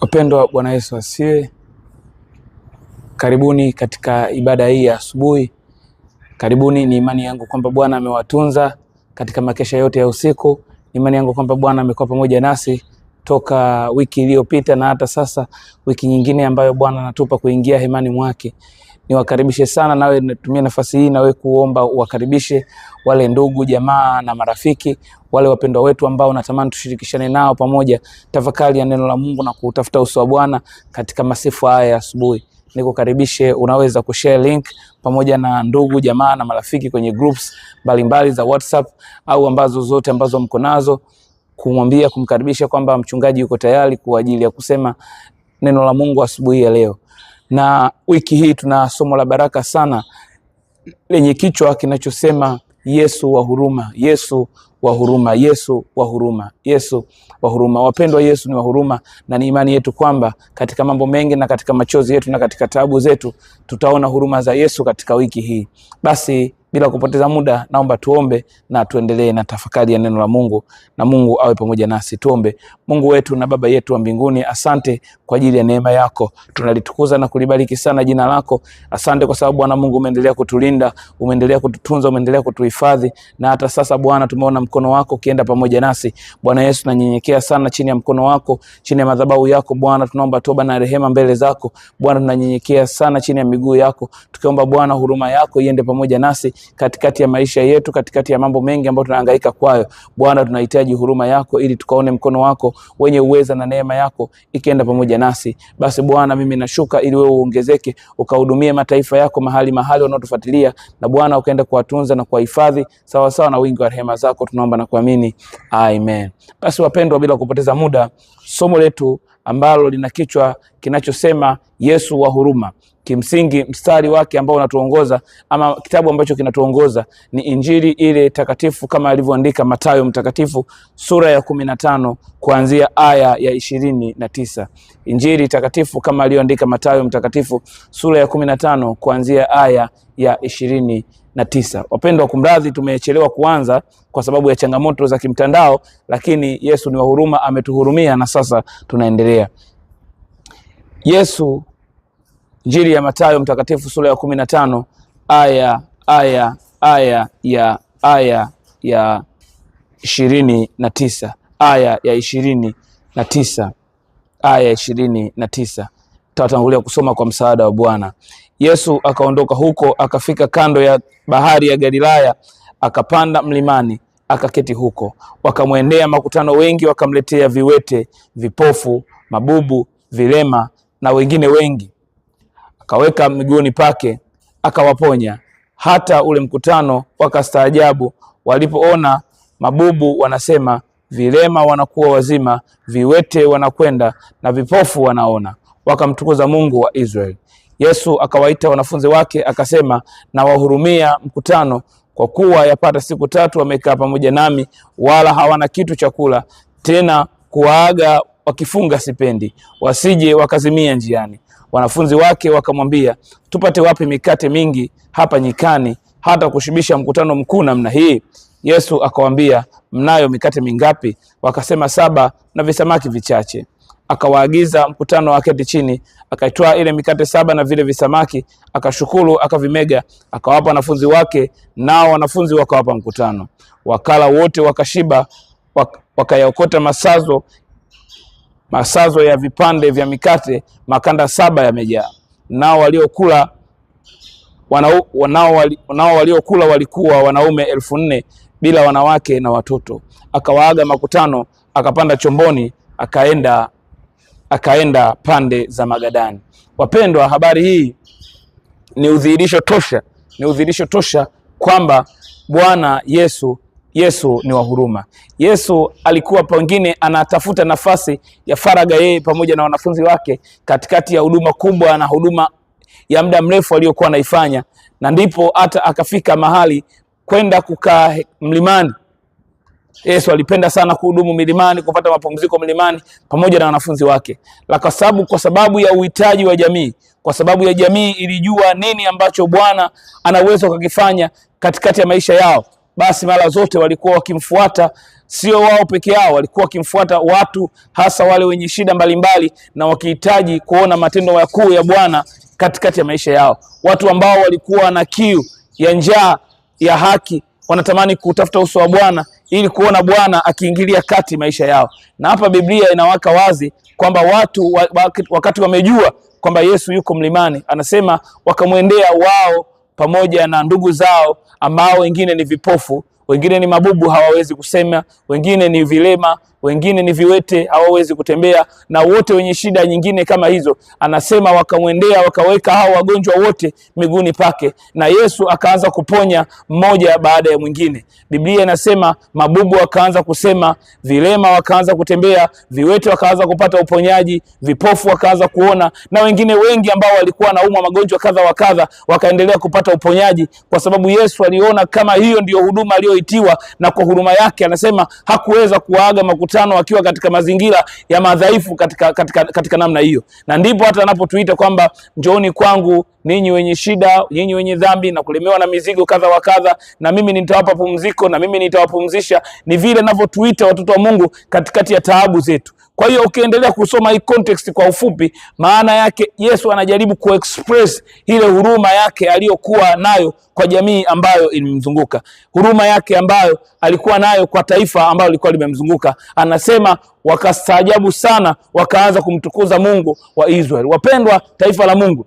Wapendwa, Bwana Yesu asiwe. Karibuni katika ibada hii ya asubuhi. Karibuni, ni imani yangu kwamba Bwana amewatunza katika makesha yote ya usiku. Ni imani yangu kwamba Bwana amekuwa pamoja nasi toka wiki iliyopita na hata sasa, wiki nyingine ambayo Bwana anatupa kuingia hemani mwake niwakaribishe sana, nawe nitumie nafasi hii nawe kuomba uwakaribishe wale ndugu jamaa na marafiki, wale wapendwa wetu ambao natamani tushirikishane nao pamoja tafakari ya neno la Mungu na kutafuta uso wa Bwana katika masifu haya ya asubuhi. Nikukaribishe, unaweza kushare link pamoja na ndugu jamaa na marafiki kwenye groups mbalimbali za WhatsApp au ambazo zote ambazo mko nazo, kumwambia kumkaribisha kwamba mchungaji yuko tayari kwa ajili ya kusema neno la Mungu asubuhi ya leo na wiki hii tuna somo la baraka sana lenye kichwa kinachosema Yesu wa huruma, Yesu wa huruma, Yesu wa huruma, Yesu wa huruma. Wapendwa, Yesu ni wa huruma, na ni imani yetu kwamba katika mambo mengi na katika machozi yetu na katika taabu zetu tutaona huruma za Yesu katika wiki hii. Basi bila kupoteza muda, naomba tuombe na tuendelee na tafakari ya neno la Mungu, na Mungu awe pamoja nasi. Tuombe. Mungu wetu na Baba yetu wa mbinguni, asante kwa ajili ya neema yako, tunalitukuza na kulibariki sana jina lako. Asante kwa sababu Bwana Mungu umeendelea kutulinda, umeendelea kututunza, umeendelea kutuhifadhi, na hata sasa Bwana tumeona mkono wako ukienda pamoja nasi. Bwana Yesu, tunanyenyekea sana chini ya mkono wako, chini ya madhabahu yako Bwana, tunaomba toba na rehema mbele zako Bwana, tunanyenyekea sana chini ya miguu yako, tukiomba Bwana huruma yako iende pamoja nasi katikati ya maisha yetu, katikati ya mambo mengi ambayo tunahangaika kwayo. Bwana, tunahitaji huruma yako ili tukaone mkono wako wenye uweza na neema yako ikienda pamoja nasi. Basi Bwana, mimi nashuka ili wewe uongezeke, ukahudumie mataifa yako mahali mahali wanaotufuatilia, na Bwana ukaenda kuwatunza na kuwahifadhi sawa sawa na wingi wa rehema zako, tunaomba na kuamini, amen. Basi wapendwa, bila kupoteza muda, somo letu ambalo lina kichwa kinachosema Yesu wa huruma. Kimsingi mstari wake ambao unatuongoza ama kitabu ambacho kinatuongoza ni Injili ile takatifu kama alivyoandika Mathayo mtakatifu sura ya kumi na tano kuanzia aya ya ishirini na tisa. Injili takatifu kama aliyoandika Mathayo mtakatifu sura ya kumi na tano kuanzia aya ya ishirini na tisa. Wapendwa, kumradhi tumechelewa kuanza kwa sababu ya changamoto za kimtandao, lakini Yesu ni wa huruma, ametuhurumia na sasa tunaendelea. Yesu, Injili ya Mathayo Mtakatifu sura ya kumi na tano aya aya aya ya aya ya ishirini na tisa aya ya ishirini na tisa aya ya ishirini na tisa tutatangulia kusoma kwa msaada wa Bwana. Yesu akaondoka huko akafika kando ya bahari ya Galilaya, akapanda mlimani akaketi huko. Wakamwendea makutano wengi, wakamletea viwete, vipofu, mabubu, vilema na wengine wengi, akaweka miguuni pake akawaponya. Hata ule mkutano wakastaajabu walipoona mabubu wanasema, vilema wanakuwa wazima, viwete wanakwenda na vipofu wanaona. Wakamtukuza Mungu wa Israeli. Yesu akawaita wanafunzi wake akasema, nawahurumia mkutano, kwa kuwa yapata siku tatu wamekaa pamoja nami, wala hawana kitu cha kula, tena kuwaaga wakifunga sipendi, wasije wakazimia njiani. Wanafunzi wake wakamwambia, tupate wapi mikate mingi hapa nyikani hata kushibisha mkutano mkuu namna hii? Yesu akawaambia, mnayo mikate mingapi? Wakasema, saba, na visamaki vichache. Akawaagiza mkutano waketi chini, akaitoa ile mikate saba na vile visamaki, akashukuru, akavimega, akawapa wanafunzi wake, nao wanafunzi wakawapa mkutano. Wakala wote wakashiba, wakayaokota masazo masazo ya vipande vya mikate makanda saba yamejaa. Nao waliokula wanao, wanao waliokula walikuwa wanaume elfu nne bila wanawake na watoto. Akawaaga makutano, akapanda chomboni, akaenda akaenda pande za Magadani. Wapendwa, habari hii ni udhihirisho tosha, ni udhihirisho tosha kwamba Bwana Yesu Yesu ni wa huruma. Yesu alikuwa pengine anatafuta nafasi ya faraga yeye pamoja na wanafunzi wake katikati ya huduma kubwa na huduma ya muda mrefu aliyokuwa anaifanya, na ndipo hata akafika mahali kwenda kukaa mlimani Yesu alipenda sana kuhudumu milimani, kupata mapumziko milimani pamoja na wanafunzi wake, la kwa sababu ya uhitaji wa jamii, kwa sababu ya jamii ilijua nini ambacho Bwana anaweza kukifanya katikati ya maisha yao. Basi mara zote walikuwa wakimfuata, sio wao peke yao, walikuwa wakimfuata watu, hasa wale wenye shida mbalimbali na wakihitaji kuona matendo makuu ya Bwana katikati ya maisha yao, watu ambao walikuwa na kiu ya njaa ya haki, wanatamani kutafuta uso wa Bwana ili kuona Bwana akiingilia kati maisha yao. Na hapa Biblia inawaka wazi kwamba watu wakati wamejua kwamba Yesu yuko mlimani, anasema wakamwendea wao pamoja na ndugu zao ambao wengine ni vipofu, wengine ni mabubu, hawawezi kusema, wengine ni vilema, wengine ni viwete hawawezi kutembea, na wote wenye shida nyingine kama hizo. Anasema wakamwendea wakaweka hao wagonjwa wote miguuni pake, na Yesu akaanza kuponya mmoja baada ya mwingine. Biblia inasema mabubu wakaanza kusema, vilema wakaanza kutembea, viwete wakaanza kupata uponyaji, vipofu wakaanza kuona, na wengine wengi ambao walikuwa naumwa magonjwa kadha wa kadha wakaendelea kupata uponyaji, kwa sababu Yesu aliona kama hiyo ndiyo huduma aliyoitiwa, na kwa huruma yake anasema hakuweza kuwaaga makuta mkutano akiwa katika mazingira ya madhaifu katika, katika, katika namna hiyo, na ndipo hata anapotuita kwamba njooni kwangu ninyi wenye shida, ninyi wenye dhambi na kulemewa na mizigo kadha wa kadha, na mimi nitawapa pumziko, na mimi nitawapumzisha. Ni vile ninavyotuita watoto wa Mungu katikati ya taabu zetu. Kwa hiyo ukiendelea kusoma hii context kwa ufupi, maana yake Yesu anajaribu kuexpress ile huruma yake aliyokuwa nayo kwa jamii ambayo ilimzunguka, huruma yake ambayo alikuwa nayo kwa taifa ambalo lilikuwa limemzunguka. Anasema wakastaajabu sana, wakaanza kumtukuza Mungu wa Israeli. Wapendwa, taifa la Mungu,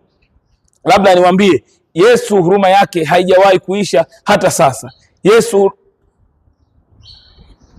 labda niwaambie, Yesu huruma yake haijawahi kuisha hata sasa. Yesu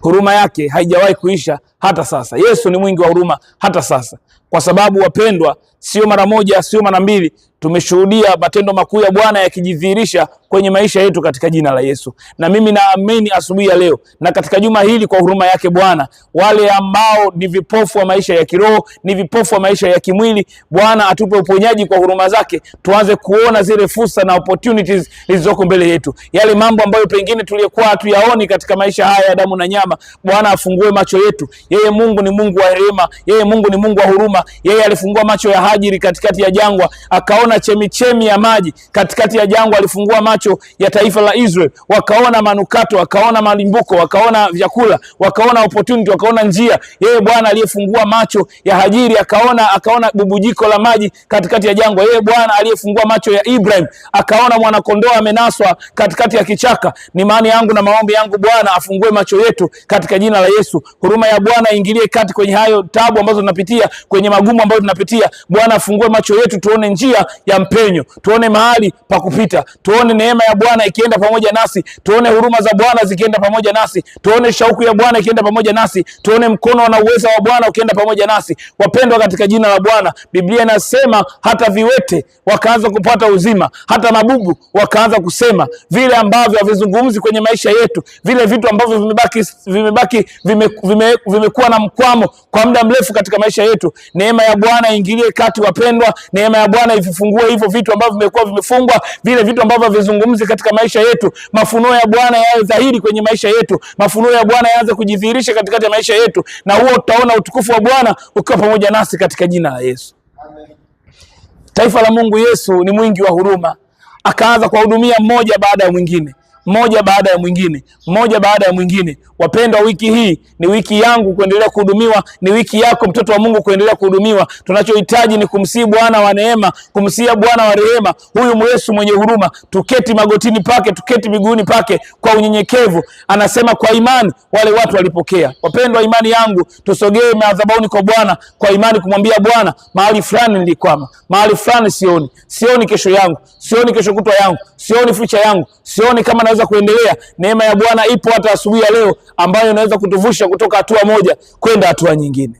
huruma yake haijawahi kuisha hata sasa. Yesu ni mwingi wa huruma hata sasa, kwa sababu wapendwa sio mara moja, sio mara mbili. Tumeshuhudia matendo makuu ya Bwana yakijidhihirisha kwenye maisha yetu katika jina la Yesu. Na mimi naamini asubuhi ya leo na katika juma hili, kwa huruma yake Bwana, wale ambao ni vipofu wa maisha ya kiroho, ni vipofu wa maisha ya kimwili, Bwana atupe uponyaji kwa huruma zake, tuanze kuona zile fursa na opportunities zilizoko mbele yetu, yale mambo ambayo pengine tuliyokuwa hatuyaoni katika maisha haya ya damu na nyama. Bwana afungue macho yetu. Yeye Mungu ni Mungu wa rehema, yeye Mungu ni Mungu wa huruma. Yeye alifungua macho ya alfajiri katikati ya jangwa, akaona chemichemi ya maji katikati ya jangwa. Alifungua macho ya taifa la Israel, wakaona manukato, wakaona malimbuko, wakaona vyakula, wakaona opportunity, wakaona njia. Yeye Bwana aliyefungua macho ya Hajiri akaona akaona bubujiko la maji katikati ya jangwa. Yeye Bwana aliyefungua macho ya Ibrahim akaona mwanakondoo amenaswa katikati ya kichaka. Ni maana yangu na maombi yangu Bwana afungue macho yetu katika jina la Yesu. Huruma ya Bwana ingilie kati kwenye hayo tabu ambazo tunapitia, kwenye magumu ambayo tunapitia Bwana Bwana afungue macho yetu, tuone njia ya mpenyo, tuone mahali pa kupita, tuone neema ya Bwana ikienda pamoja nasi, tuone huruma za Bwana zikienda pamoja nasi, tuone shauku ya Bwana ikienda pamoja nasi, tuone mkono na uweza wa Bwana ukienda pamoja nasi. Wapendwa katika jina la Bwana, Biblia inasema hata viwete wakaanza kupata uzima, hata mabubu wakaanza kusema. Vile ambavyo havizungumzi kwenye maisha yetu, vile vitu ambavyo vimebaki vimebaki vime, vime, vimekuwa na mkwamo kwa muda mrefu katika maisha yetu, neema ya Bwana ingilie kati wakati wapendwa, neema ya Bwana ivifungue hivyo vitu ambavyo vimekuwa vimefungwa, vile vitu ambavyo vizungumzi katika maisha yetu. Mafunuo ya Bwana yawe dhahiri kwenye maisha yetu, mafunuo ya Bwana yaanze kujidhihirisha katikati ya maisha yetu, na huo tutaona utukufu wa Bwana ukiwa pamoja nasi katika jina la Yesu. Amen. Taifa la Mungu, Yesu ni mwingi wa huruma, akaanza kuwahudumia mmoja baada ya mwingine moja baada ya mwingine, moja baada ya mwingine. Wapendwa, wiki hii ni wiki yangu kuendelea kuhudumiwa, ni wiki yako mtoto wa Mungu kuendelea kuhudumiwa. Tunachohitaji ni kumsii Bwana wa neema, kumsii Bwana wa rehema, huyu Yesu mwenye huruma, tuketi magotini pake, tuketi miguuni pake kwa unyenyekevu. Anasema kwa imani wale watu walipokea. Wapendwa, imani yangu, tusogee madhabahuni kwa Bwana kwa imani, kumwambia Bwana, mahali fulani nilikwama, mahali fulani sioni, sioni kesho yangu, sioni kesho kutwa yangu, sioni future yangu, sioni kama na inaweza kuendelea. Neema ya Bwana ipo hata asubuhi ya leo, ambayo inaweza kutuvusha kutoka hatua moja kwenda hatua nyingine.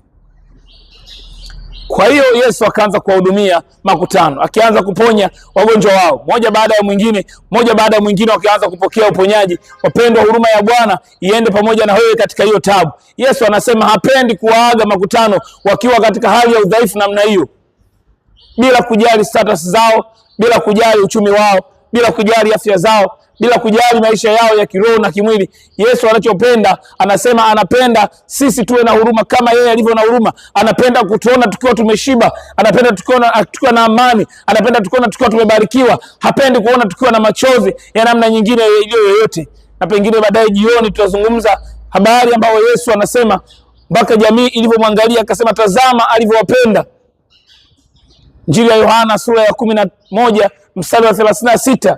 Kwa hiyo Yesu akaanza kuwahudumia makutano, akianza kuponya wagonjwa wao moja baada ya mwingine, moja baada ya mwingine, wakianza kupokea uponyaji. Wapendwa, huruma ya Bwana iende pamoja na wewe katika hiyo tabu. Yesu anasema hapendi kuwaaga makutano wakiwa katika hali ya udhaifu namna hiyo, bila kujali status zao, bila kujali uchumi wao, bila kujali afya zao, bila kujali maisha yao ya kiroho na kimwili. Yesu anachopenda anasema, anapenda sisi tuwe na huruma kama yeye alivyo na huruma. Anapenda kutuona tukiwa tumeshiba, anapenda tukiona tukiwa na amani, anapenda tukiona tukiwa tumebarikiwa. Hapendi kuona tukiwa na machozi ya namna nyingine iliyo yoyote. Na pengine baadaye jioni tutazungumza habari ambayo Yesu anasema mpaka jamii ilivyomwangalia akasema, tazama alivyowapenda. Injili ya Yohana sura ya kumi na moja mstari wa thelathini na sita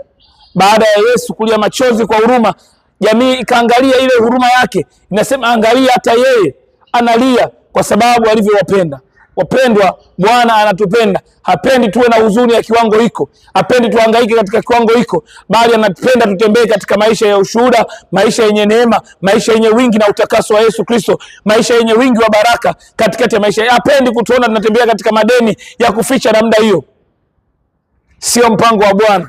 baada ya Yesu kulia machozi kwa huruma, jamii ikaangalia ile huruma yake, inasema angalia, hata yeye analia kwa sababu alivyowapenda. Wapendwa, Bwana anatupenda, hapendi tuwe na huzuni ya kiwango hiko, hapendi tuhangaike katika kiwango hiko, bali anapenda tutembee katika maisha ya ushuhuda, maisha yenye neema, maisha yenye wingi na utakaso wa Yesu Kristo, maisha yenye wingi wa baraka katikati ya maisha. Hapendi kutuona tunatembea katika madeni ya kuficha namna hiyo, sio mpango wa Bwana.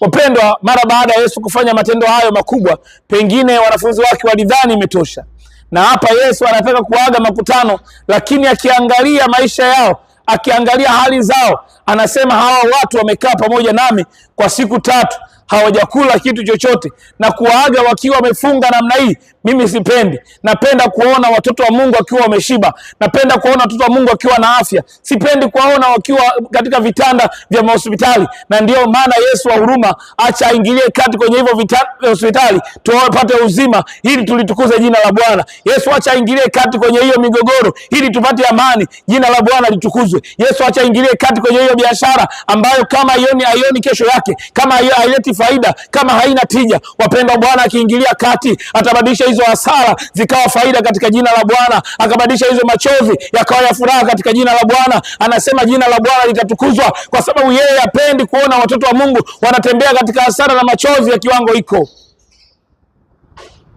Wapendwa, mara baada ya Yesu kufanya matendo hayo makubwa, pengine wanafunzi wake walidhani imetosha, na hapa Yesu anataka kuaga makutano, lakini akiangalia maisha yao, akiangalia hali zao, anasema hawa watu wamekaa pamoja nami kwa siku tatu hawajakula kitu chochote na kuwaaga wakiwa wamefunga namna hii, mimi sipendi. Napenda kuona watoto wa Mungu wakiwa wameshiba, napenda kuona watoto wa Mungu wakiwa na afya. Sipendi kuwaona wakiwa katika vitanda vya mahospitali, na ndiyo maana Yesu wa huruma, acha aingilie kati kwenye hivyo vitanda hospitali, tuwapate uzima, ili tulitukuze jina la Bwana. Yesu acha aingilie kati kwenye hiyo migogoro, ili tupate amani, jina la Bwana litukuzwe. Yesu acha aingilie kati kwenye hiyo biashara ambayo kama aioni aioni kesho yake, kama aileti faida kama haina tija. Wapendwa, Bwana akiingilia kati atabadilisha hizo hasara zikawa faida katika jina la Bwana, akabadilisha hizo machozi yakawa ya furaha katika jina la Bwana. Anasema jina la Bwana litatukuzwa, kwa sababu yeye apendi kuona watoto wa Mungu wanatembea katika hasara na machozi ya kiwango hiko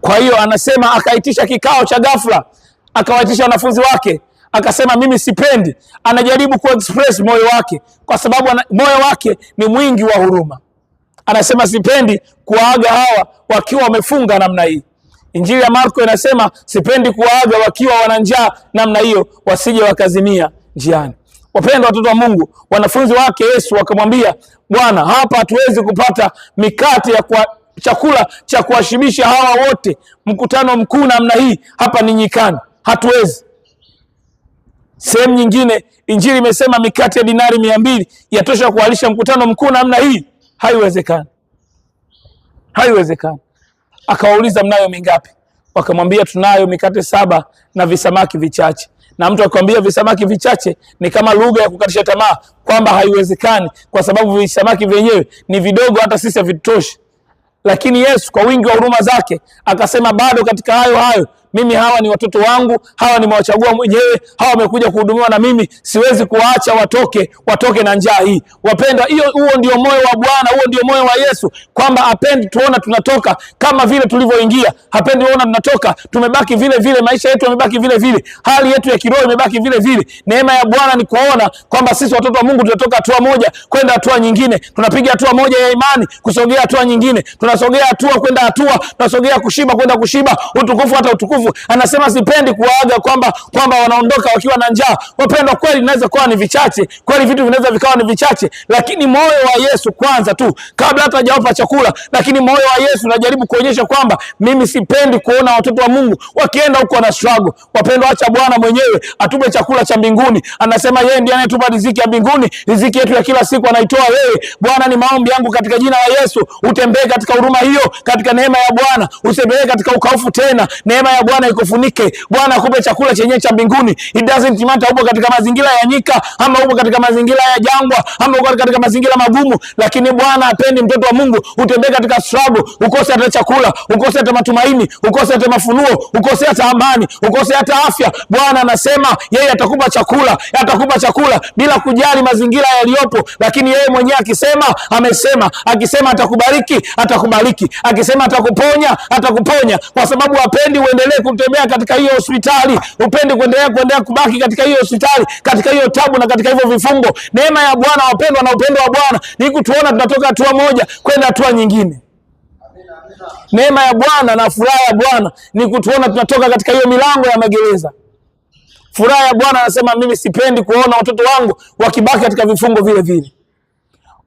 Kwa hiyo anasema akaitisha kikao cha ghafla, akawaitisha wanafunzi wake akasema mimi sipendi. Anajaribu ku express moyo wake, kwa sababu moyo wake ni mwingi wa huruma anasema sipendi kuwaaga hawa wakiwa wamefunga namna hii. Injili ya Marko inasema sipendi kuwaaga wakiwa wana njaa namna hiyo, wasije wakazimia njiani. Wapendwa watoto wa Mungu, wanafunzi wake Yesu wakamwambia, Bwana, hapa hatuwezi kupata mikate ya kwa chakula cha kuwashibisha hawa wote, mkutano mkuu namna hii, hapa ni nyikani, hatuwezi. Sehemu nyingine Injili imesema mikate ya dinari mia mbili yatosha kuwalisha mkutano mkuu namna hii haiwezekani, haiwezekani. Akawauliza, mnayo mingapi? Wakamwambia, tunayo mikate saba na visamaki vichache. Na mtu akamwambia visamaki vichache ni kama lugha ya kukatisha tamaa, kwamba haiwezekani kwa sababu visamaki vyenyewe ni vidogo, hata sisi havitoshi. Lakini Yesu kwa wingi wa huruma zake akasema, bado katika hayo hayo mimi, hawa ni watoto wangu, hawa nimewachagua mwenyewe, hawa wamekuja kuhudumiwa na mimi, siwezi kuwaacha watoke, watoke na njaa hii. Wapendwa, hiyo huo ndio moyo wa Bwana, huo ndio moyo wa Yesu, kwamba apendi tuona tunatoka kama vile tulivyoingia, hapendi tuona tunatoka, tumebaki vile vile, maisha yetu yamebaki vile vile, hali yetu ya kiroho imebaki vile vile. Neema ya Bwana ni kuona kwamba sisi watoto wa Mungu tunatoka hatua moja kwenda hatua nyingine, tunapiga hatua moja ya imani kusogea hatua nyingine, tunasogea hatua kwenda hatua, tunasogea kushiba kwenda kushiba, utukufu hata utukufu nguvu. Anasema sipendi kuwaaga kwamba kwamba wanaondoka wakiwa na njaa. Wapendwa, kweli inaweza kuwa ni vichache, kweli vitu vinaweza vikawa ni vichache, lakini moyo wa Yesu kwanza tu, kabla hata hajawapa chakula, lakini moyo wa Yesu unajaribu kuonyesha kwamba mimi sipendi kuona watoto wa Mungu wakienda huko na struggle. Wapendwa, acha Bwana mwenyewe atupe chakula cha mbinguni. Anasema yeye ndiye anayetupa riziki ya mbinguni, riziki yetu ya kila siku anaitoa wewe. Bwana, ni maombi yangu katika jina la Yesu, utembee katika huruma hiyo, katika neema ya Bwana, usembee katika ukaufu tena, neema ya Bwana ikufunike, Bwana akupe chakula chenye cha mbinguni. It doesn't matter upo katika mazingira ya nyika ama upo katika mazingira ya jangwa ama upo katika mazingira magumu, lakini Bwana apendi mtoto wa Mungu utembee katika struggle, ukose hata chakula, ukose hata matumaini, ukose hata mafunuo, ukose hata amani, ukose hata afya. Bwana anasema yeye atakupa chakula, atakupa chakula bila kujali mazingira yaliyopo, lakini yeye mwenyewe akisema, amesema, akisema atakubariki, atakubariki, akisema atakuponya, atakuponya, kwa sababu apendi uendelee kutembea katika hiyo hospitali, upendi kuendelea kuendelea kubaki katika hiyo hospitali, katika hiyo tabu na katika hivyo vifungo. Neema ya Bwana wapendwa, na upendo wa Bwana ni kutuona tunatoka hatua moja kwenda hatua nyingine. Neema ya Bwana na furaha ya Bwana ni kutuona tunatoka katika hiyo milango ya magereza. Furaha ya Bwana anasema, mimi sipendi kuona watoto wangu wakibaki katika vifungo vile vile.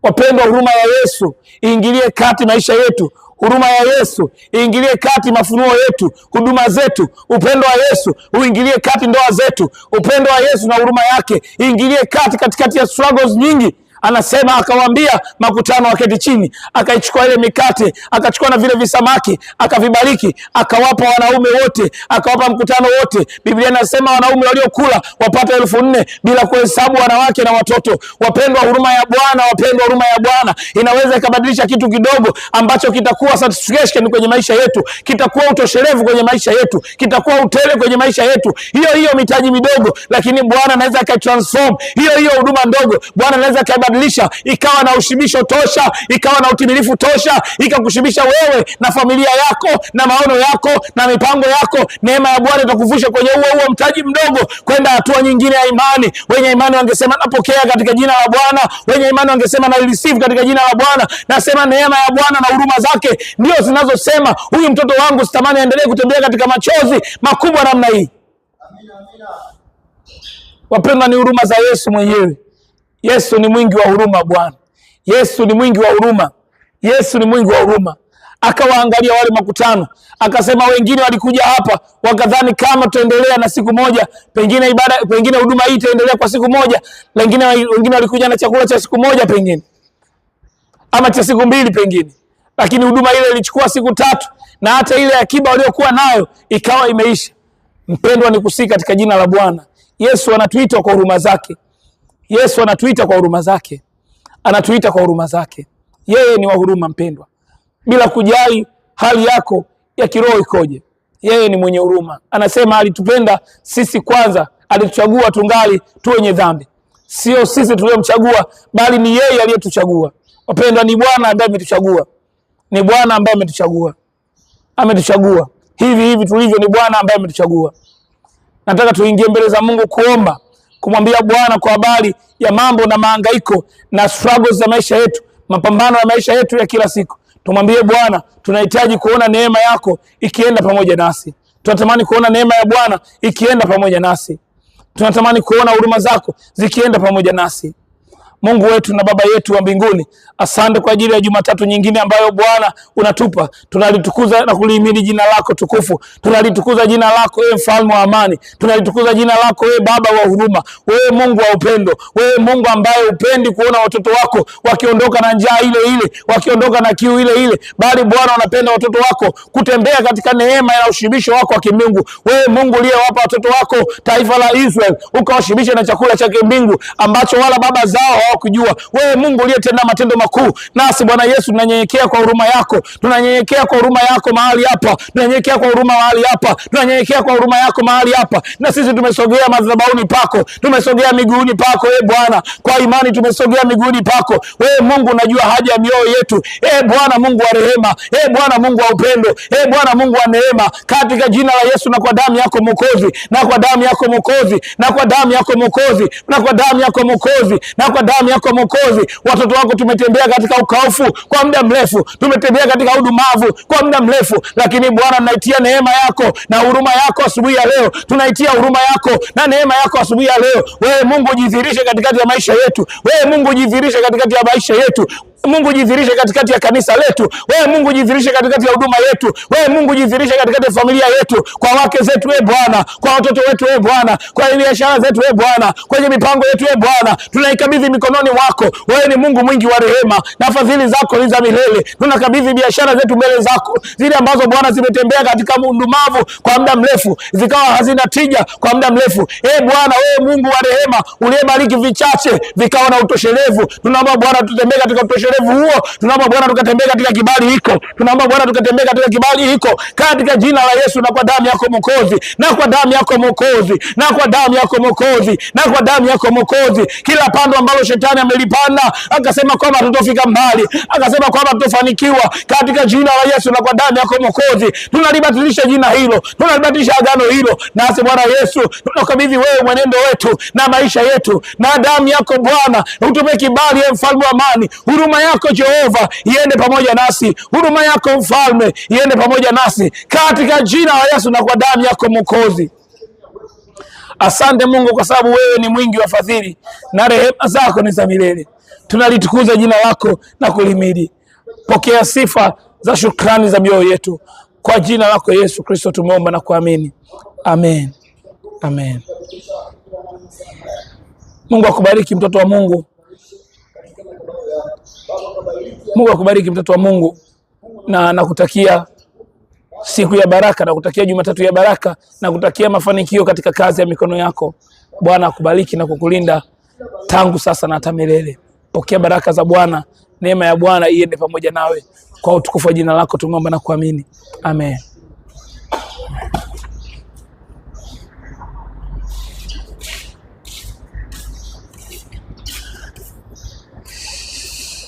Wapendwa, huruma ya Yesu iingilie kati maisha yetu. Huruma ya Yesu iingilie kati mafunuo yetu, huduma zetu. Upendo wa Yesu uingilie kati ndoa zetu. Upendo wa Yesu na huruma yake iingilie kati katikati ya struggles nyingi anasema akawaambia makutano waketi chini, akaichukua ile mikate, akachukua na vile visamaki, akavibariki, akawapa wanaume wote, akawapa mkutano wote. Biblia inasema wanaume waliokula wapata elfu nne bila kuhesabu wanawake na watoto. Wapendwa, huruma ya Bwana, wapendwa, huruma ya Bwana inaweza ikabadilisha kitu kidogo ambacho kitakuwa satisfaction kwenye maisha yetu, kitakuwa utoshelevu kwenye maisha yetu, kitakuwa utele kwenye maisha yetu. Hiyo hiyo mitaji midogo, lakini Bwana anaweza akaitransform hiyo hiyo huduma ndogo, Bwana anaweza kubadilisha, ikawa na ushibisho tosha, ikawa na utimilifu tosha, ikakushibisha wewe na familia yako na maono yako na mipango yako. Neema ya Bwana itakuvusha kwenye huo huo mtaji mdogo kwenda hatua nyingine ya imani. Wenye imani wangesema napokea katika jina la Bwana, wenye imani wangesema na receive katika jina la Bwana. Nasema neema ya Bwana na huruma zake ndio zinazosema huyu mtoto wangu sitamani aendelee kutembea katika machozi makubwa namna hii. Wapendwa, ni huruma za Yesu mwenyewe. Yesu ni mwingi wa huruma Bwana. Yesu ni mwingi wa huruma. Yesu ni mwingi wa huruma. Akawaangalia wale makutano, akasema wengine walikuja hapa wakadhani kama tutaendelea na siku moja, pengine ibada, pengine huduma hii itaendelea kwa siku moja, wengine wengine walikuja na chakula cha siku moja pengine ama cha siku mbili pengine, lakini huduma ile ilichukua siku tatu, na hata ile akiba waliokuwa nayo ikawa imeisha. Mpendwa, nikusii katika jina la Bwana Yesu, anatuita kwa huruma zake Yesu anatuita kwa huruma zake, anatuita kwa huruma zake. Yeye ni wa huruma, mpendwa, bila kujali hali yako ya kiroho ikoje. Yeye ni mwenye huruma, anasema alitupenda sisi kwanza, alituchagua tungali tu wenye dhambi. Sio sisi tuliyomchagua, bali ni yeye aliyetuchagua. Wapendwa, ni Bwana ambaye ametuchagua, ni Bwana ambaye ametuchagua, ametuchagua hivi hivi tulivyo. Ni Bwana ambaye ametuchagua. Nataka tuingie mbele za Mungu kuomba kumwambia Bwana kwa habari ya mambo na mahangaiko na struggles za maisha yetu, mapambano ya maisha yetu ya kila siku. Tumwambie Bwana, tunahitaji kuona neema yako ikienda pamoja nasi. Tunatamani kuona neema ya Bwana ikienda pamoja nasi. Tunatamani kuona huruma zako zikienda pamoja nasi. Mungu wetu na Baba yetu wa mbinguni, asante kwa ajili ya Jumatatu nyingine ambayo Bwana unatupa. Tunalitukuza na kulihimidi jina lako tukufu, tunalitukuza jina lako e mfalme wa amani, tunalitukuza jina lako e Baba wa huruma, wewe Mungu wa upendo, wewe Mungu ambaye upendi kuona watoto wako wakiondoka na njaa ile ile, wakiondoka na kiu ile ile, bali Bwana unapenda watoto wako kutembea katika neema ya ushibisho wako wa kimbingu. Wewe Mungu uliyewapa watoto wako taifa la Israel, ukawashibisha na chakula cha kimbingu ambacho wala baba zao hawakujua. Wewe Mungu uliyetenda matendo makuu nasi, Bwana Yesu, tunanyenyekea kwa huruma yako, tunanyenyekea kwa huruma yako mahali hapa, tunanyenyekea kwa huruma mahali hapa, tunanyenyekea kwa huruma yako mahali hapa. Na sisi tumesogea madhabahuni pako, tumesogea miguuni pako, e Bwana, kwa imani tumesogea miguuni pako. Wewe Mungu unajua haja ya mioyo yetu, e Bwana Mungu wa rehema, e Bwana Mungu wa upendo, e Bwana Mungu wa neema, katika jina la Yesu na kwa damu yako Mwokozi, na kwa damu yako Mwokozi, na kwa damu yako Mwokozi, na kwa damu yako Mwokozi, na kwa damu damu yako Mwokozi. Watoto wako tumetembea katika ukaufu kwa muda mrefu, tumetembea katika udumavu kwa muda mrefu, lakini Bwana tunaitia neema yako na huruma yako asubuhi ya leo, tunaitia huruma yako na neema yako asubuhi ya leo. Wewe Mungu jidhihirishe katikati ya maisha yetu, wewe Mungu jidhihirishe katikati ya maisha yetu. Mungu jidhirishe katikati ya kanisa letu, wewe Mungu jidhirishe katikati ya huduma yetu, wewe Mungu jidhirishe katikati ya familia yetu, kwa wake zetu e Bwana, kwa watoto wetu e Bwana, kwa biashara zetu e Bwana, kwenye mipango yetu e Bwana, tunaikabidhi mikononi mwako. Wewe ni Mungu mwingi wa rehema na fadhili zako ni za milele. Tunakabidhi biashara zetu mbele zako, zile ambazo Bwana zimetembea katika undumavu kwa muda mrefu, zikawa hazina tija kwa muda mrefu. E Bwana, wewe Mungu wa rehema uliyebariki vichache vikawa na utoshelevu, tunaomba Bwana tutembee katika utoshelevu uendelevu huo. Tunaomba Bwana tukatembee katika kibali hiko, tunaomba Bwana tukatembee katika kibali hiko, katika jina la Yesu na kwa damu yako Mwokozi, na kwa damu yako Mwokozi, na kwa damu yako Mwokozi, na kwa damu yako Mwokozi. Kila pando ambalo shetani amelipanda akasema kwamba tutofika mbali, akasema kwamba tutofanikiwa, katika jina la Yesu na kwa damu yako Mwokozi tunalibatilisha jina hilo, tunalibatilisha agano hilo, nasi Bwana Yesu tunakabidhi wewe mwenendo wetu na maisha yetu na damu yako Bwana, utupe kibali, e mfalme wa amani, huruma yako Jehova iende pamoja nasi, huduma yako mfalme iende pamoja nasi katika jina la Yesu na kwa damu yako Mwokozi. Asante Mungu kwa sababu wewe ni mwingi wa fadhili na rehema zako ni za milele. Tunalitukuza jina lako na kulimidi. Pokea sifa za shukrani za mioyo yetu kwa jina lako Yesu Kristo tumeomba na kuamini, amen, amen. Mungu akubariki mtoto wa Mungu. Mungu akubariki mtoto wa Mungu, na nakutakia siku ya baraka, nakutakia Jumatatu ya baraka, nakutakia mafanikio katika kazi ya mikono yako. Bwana akubariki na kukulinda tangu sasa na hata milele. Pokea baraka za Bwana, neema ya Bwana iende pamoja nawe. Kwa utukufu wa jina lako tumeomba na kuamini, amen.